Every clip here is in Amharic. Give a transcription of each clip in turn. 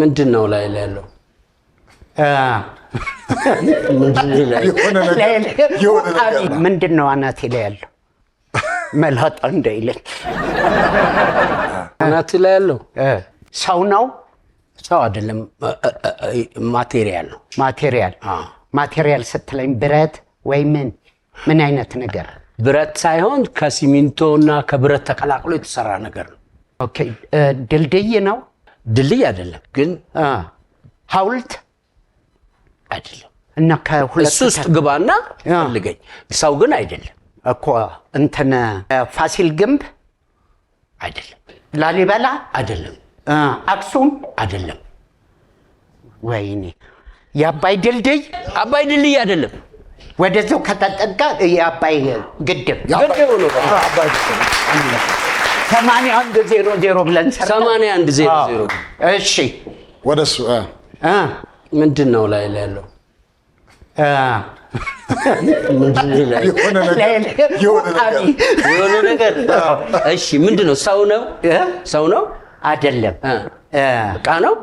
ምንድን ነው ላይ ላይ ያለው ምንድን ነው አናቴ ላይ ያለው መላጣ እንዳይለኝ አናቴ ላይ ያለው ሰው ነው ሰው አይደለም ማቴሪያል ነው ማቴሪያል ማቴሪያል ስትለኝ ብረት ወይ ምን ምን አይነት ነገር ብረት ሳይሆን ከሲሚንቶ እና ከብረት ተቀላቅሎ የተሰራ ነገር ነው ድልድይ ነው ድልድይ አይደለም ግን ሀውልት አይደለም እና ከሁለት ውስጥ ግባና ፈልገኝ። ሰው ግን አይደለም እኮ እንትን ፋሲል ግንብ አይደለም፣ ላሊበላ አይደለም፣ አክሱም አይደለም። ወይኔ የአባይ ድልድይ አባይ ድልድይ አይደለም። ወደዚው ከተጠጋ የአባይ ግድብ ግድብ ነው። ሰማንያ አንድ ዜሮ ዜሮ ብለን ሰማንያ አንድ ዜሮ ዜሮ እሺ ወደ እሱ ምንድን ነው ላይ ያለው የሆነ ነገር እሺ ምንድን ነው ሰው ነው ሰው ነው አይደለም እቃ ነው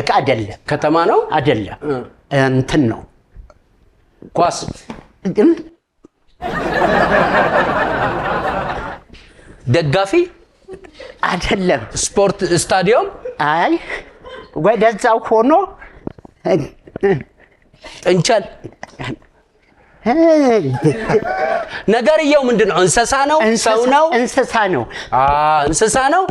እቃ አይደለም ከተማ ነው አይደለም እንትን ነው ኳስ ደጋፊ አይደለም ስፖርት ስታዲየም። አይ ወደዛው ሆኖ ጥንቸል ነገርየው ምንድን ነው? እንስሳ ነው? ሰው ነው? እንስሳ ነው። እንስሳ ነው።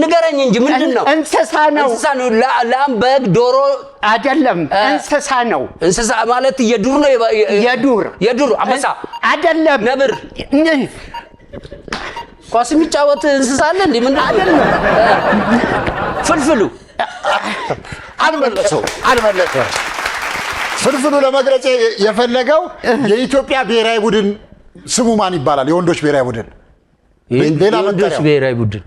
ንገረኝ እንጂ ምንድን ነው? እንስሳ ነው። እንስሳ ነው። ላም፣ በግ፣ ዶሮ አይደለም። እንስሳ ነው። እንስሳ ማለት የዱር ነው። የዱር የዱር አንበሳ አይደለም። ነብር ኳስ የሚጫወት እንስሳ አለ እንዴ? ምን አይደለም። ፍልፍሉ አልመለሰው አልመለሰው። ፍልፍሉ ለመግለጽ የፈለገው የኢትዮጵያ ብሔራዊ ቡድን ስሙ ማን ይባላል? የወንዶች ብሔራዊ ቡድን ሌላ ብሔራዊ ቡድን